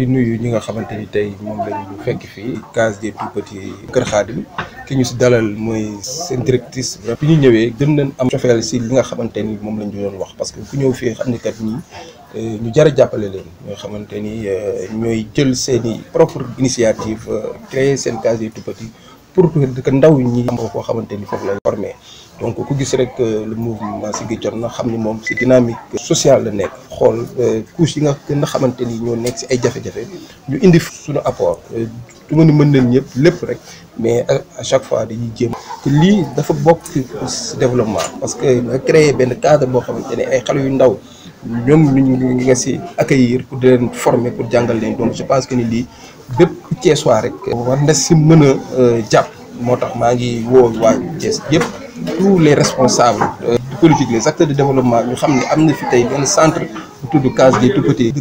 di nuyu ñi nga xamante ni tey moom lañu fekk fii case des tout-petits Kër Xaadim ki ñu si dalal mooy seen directrice bi ñu ñëwee gën nañ am cofeel si li nga xamante ni moom lañ doon wax parce que ku ñëw fii xam ni kat euh, ñu jar a jàppale leen ñoo xamante ni euh, ñooy jël seen i propre initiative euh, créer seen case des tout-petits pour que ndaw ñi am koo xamante ni foofu lañ formé donc ku gis rek euh, le mouvement ci Jotna na xamni mom ci dynamique sociale la nek xol euh, couche yi nga gën xamanteni xamante ni ñoo nekk si ay jafé jafé ñu indi suñu apport euh, du ma ni mën nañ ñëpp lépp rek mais à chaque fois dañuy jëm te li dafa bokk ci développement parce que créer ben cadre bo xamanteni ay xale yu ndaw ñom ñu nga ci accueillir pour di leen former pour jangal leen donc je pense que ni lii bépp Thiessois rek war na ci mëna japp motax ma tax maa ngi woo waa Thiès yëpp tous les responsables euh, politiques les acteurs de développement nous savons qu'il y a fi tey benn centre bu tudd case des tout di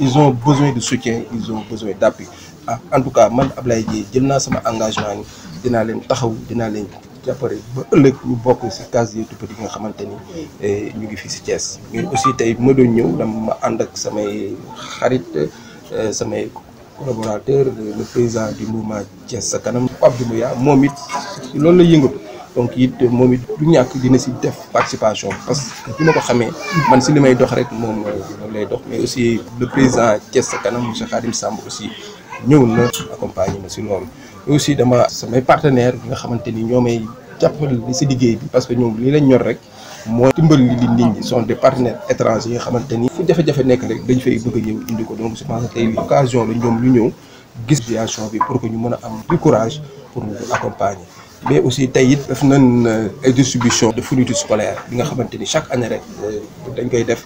ils ont besoin de soutien ils ont besoin d'appui ah, en tout cas man Ablaye Dièye jël naa sama engagement ni vais les taxaw je leen jàppale ba ëllëg ñu de si case des tout-petits yi nga xamante ni eh, ñu ngi Thiès mais aussi tey bu ma doon ñëw dama ma ànd ak samay xarit eh, collaborateur le président du mouvement Thiès sa kanam Pape Doumbouya Momit, it loolu la yëngatu donc it moom du ñak dina ci def participation parce que bi ko xamé man ci limay dox rek mom lay dox mais aussi le président Thiès kanam monsieur Khadim Samb aussi ñëw na accompagner ma si loolu aussi dama samay partenaire nga xamanteni ñomay ñoo may jàppale liggéey bi parce que ñoom li lañ ñor rek mooy dimbal li li nit ñi sont des partenaires étrangers yi nga xamante ni fu jafe-jafe nekk rek dañ fay bëgg a ñëw indi ko donc je pense que tey occasion la ñoom ñu ñëw gis situation bi pour que ñu mën a am du courage pour nous accompagner mais aussi tayit it def nañ euh, ay distribution de fournitures scolaires bi nga xamanteni chaque année rek euh, dañ koy def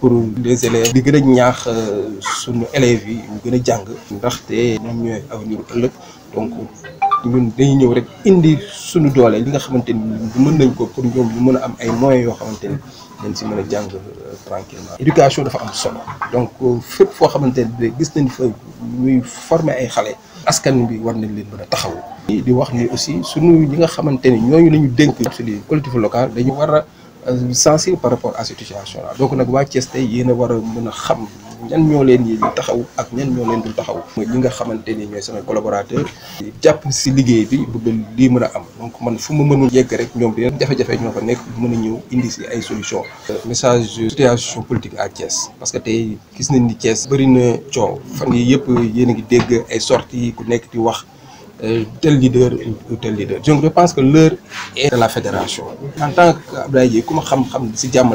pour les élèves di gën a ñaax euh, suñu élèves yi ñu gën a jàng ndaxte ñoom ñooy avenir ëllëg donc ñun dañuy ñëw rek indi suñu doole li nga xamante ni mën nañ ko pour ñoom ñu mën a am ay moyens yoo xamante ni dañ si mën a jàng tranquillement éducation dafa am solo donc fépp foo xamante ni gis nañ fa ñuy former ay xale askan bi war nañ leen mën a taxaw di wax ni aussi sunu ñi nga xamante ne ñooñu la ñu dénk ci collectivité locale dañu war a sensible par rapport à cette situation donc nag waa Thiès tey yéen a war a mën a xam ñan ñoo leen yi taxaw ak ñan ñoo leen dul taxaw mooy ñi nga xamante ni ñooy samay collaborateur jàpp si liggéey bi bu dul lii mën a am donc man fu ma mënul yegg rek ñoom dina jafe-jafe ñoo fa nekk mën a ñëw indi si ay solution message situation politique à Thiès parce que tey gis nañ ni cees bëri na coow fan yi yëpp yéen a ngi dégg ay sorties ku nekk di wax euh, tel leader ou tel leader donc je pense que leur est de la fédération en tant que Abdoulaye Dièye ku ma xam si jàmm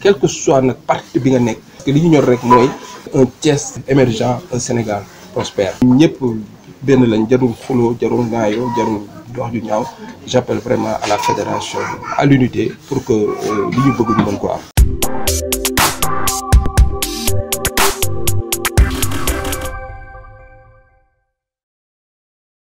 quel que soit notre parti bi nga que li ñu ñor rek moy un Thiès émergent un Sénégal prospère ñëpp benn lañ jarul xulo jarul ngaayoo jarul wax ju ñaaw j'appelle vraiment à la fédération à l'unité pour que euh, li ñu bëgg ñu mën ko am